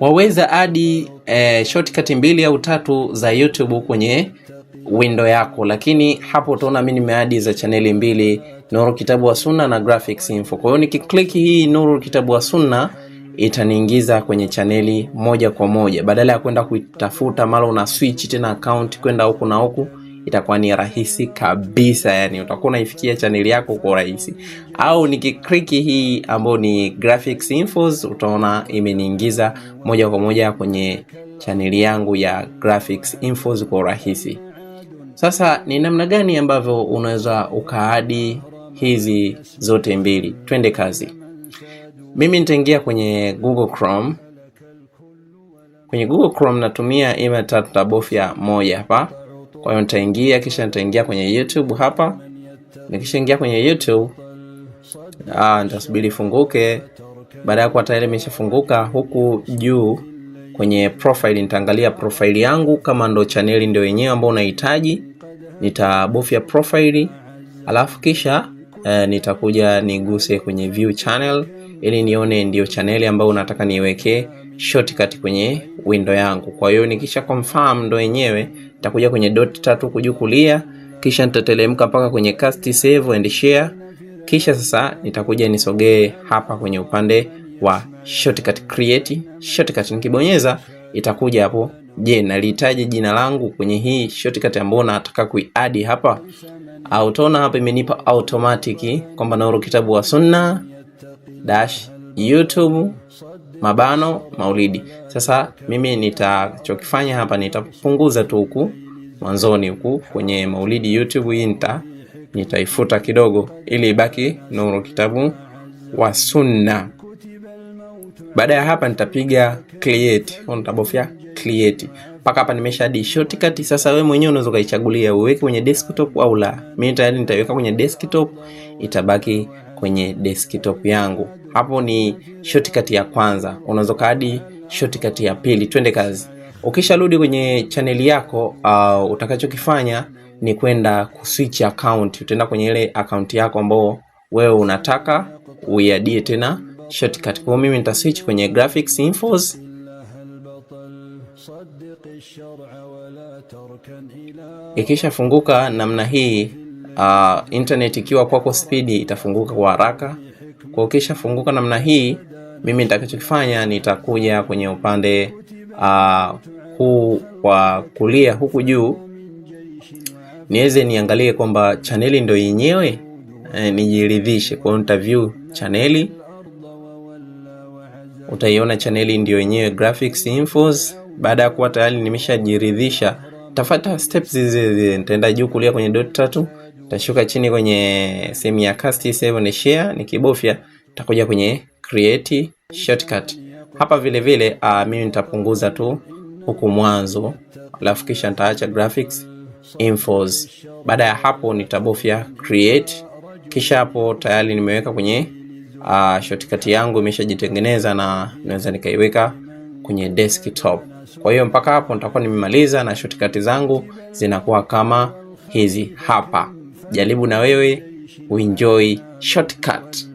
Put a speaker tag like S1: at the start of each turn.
S1: waweza adi eh, shortcut mbili au tatu za YouTube kwenye window yako, lakini hapo utaona mimi nimeadi za chaneli mbili, Nuru Kitabu wa Sunna na Graphics Info. Kwa hiyo nikiklik hii Nuru Kitabu wa Sunna itaniingiza kwenye chaneli moja kwa moja, badala ya kwenda kuitafuta mara una switch tena account kwenda huku na huku itakuwa ni rahisi kabisa, yani utakuwa unaifikia chaneli yako kwa urahisi. Au nikikliki hii ambayo ni graphics infos, utaona imeniingiza moja kwa moja kwenye chaneli yangu ya graphics infos kwa urahisi. Sasa ni namna gani ambavyo unaweza ukaadi hizi zote mbili? Twende kazi. Mimi nitaingia kwenye Google Chrome. Kwenye Google Chrome natumia ima tatu tabofya moja hapa kwa hiyo nitaingia, kisha nitaingia kwenye YouTube hapa. Nikishaingia kwenye YouTube ah, nitasubiri ifunguke. Baada ya kuwa tayari imeshafunguka, huku juu kwenye profile nitaangalia profile yangu, kama ndo chaneli ndio yenyewe ambao unahitaji, nitabofya profile, alafu kisha eh, nitakuja niguse kwenye view channel ili nione ndio chaneli ambayo unataka niwekee shortcut kwenye window yangu. Kwa hiyo nikisha confirm ndo yenyewe nitakuja kwenye dot tatu kuju kulia, kisha nitateremka mpaka kwenye cast, save and share. Kisha sasa nitakuja nisogee hapa kwenye upande wa shortcut, create shortcut. Nikibonyeza itakuja hapo, je, nalihitaji jina langu kwenye hii shortcut ambayo nataka kuiadi hapa au? Utaona hapa imenipa automatic kwamba Nuru Kitabu wa Sunna dash YouTube mabano maulidi. Sasa mimi nitachokifanya hapa nitapunguza tu huku mwanzoni huku kwenye maulidi YouTube hii nita nitaifuta kidogo, ili ibaki Nuru Kitabu wa Sunna. Baada ya hapa nitapiga create, au nitabofya create mpaka hapa nimesha di shortcut. Sasa wewe mwenyewe unaweza ukaichagulia uweke kwenye desktop au la. Mimi tayari nitaiweka kwenye desktop, itabaki kwenye desktop yangu. Hapo ni shortcut ya kwanza, unaweza kadi shortcut ya pili. Twende kazi. Ukisharudi kwenye chaneli yako, uh, utakachokifanya ni kwenda kuswitch account. Utaenda kwenye ile account yako ambao wewe unataka uiadie tena shortcut. Kwa mimi nita switch kwenye graphics infos. Ikishafunguka namna hii uh, internet ikiwa kwako kwa spidi itafunguka kwa haraka. Kwa ukishafunguka namna hii, mimi nitakachokifanya nitakuja kwenye upande uh, huu wa kulia huku juu niweze niangalie kwamba chaneli ndio yenyewe eh, nijiridhishe. Kwa hiyo nitaview chaneli, utaiona chaneli ndio yenyewe graphics infos. Baada ya kuwa tayari nimeshajiridhisha, tafuta steps hizi, nitaenda juu kulia kwenye dot tatu Nitashuka chini kwenye sehemu ya cast save share, nikibofya nitakuja kwenye create shortcut. Hapa vile vile uh, mimi nitapunguza tu huku mwanzo, alafu kisha nitaacha graphics infos. Baada ya hapo nitabofya create, kisha hapo tayari nimeweka kwenye uh, shortcut yangu imeshajitengeneza na naweza nikaiweka kwenye desktop. Kwa hiyo mpaka hapo nitakuwa nimemaliza na shortcut zangu zinakuwa kama hizi hapa jaribu na wewe uenjoy shortcut.